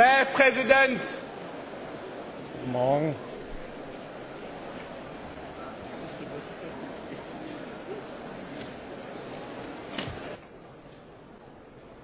herr Präsident! guten Morgen.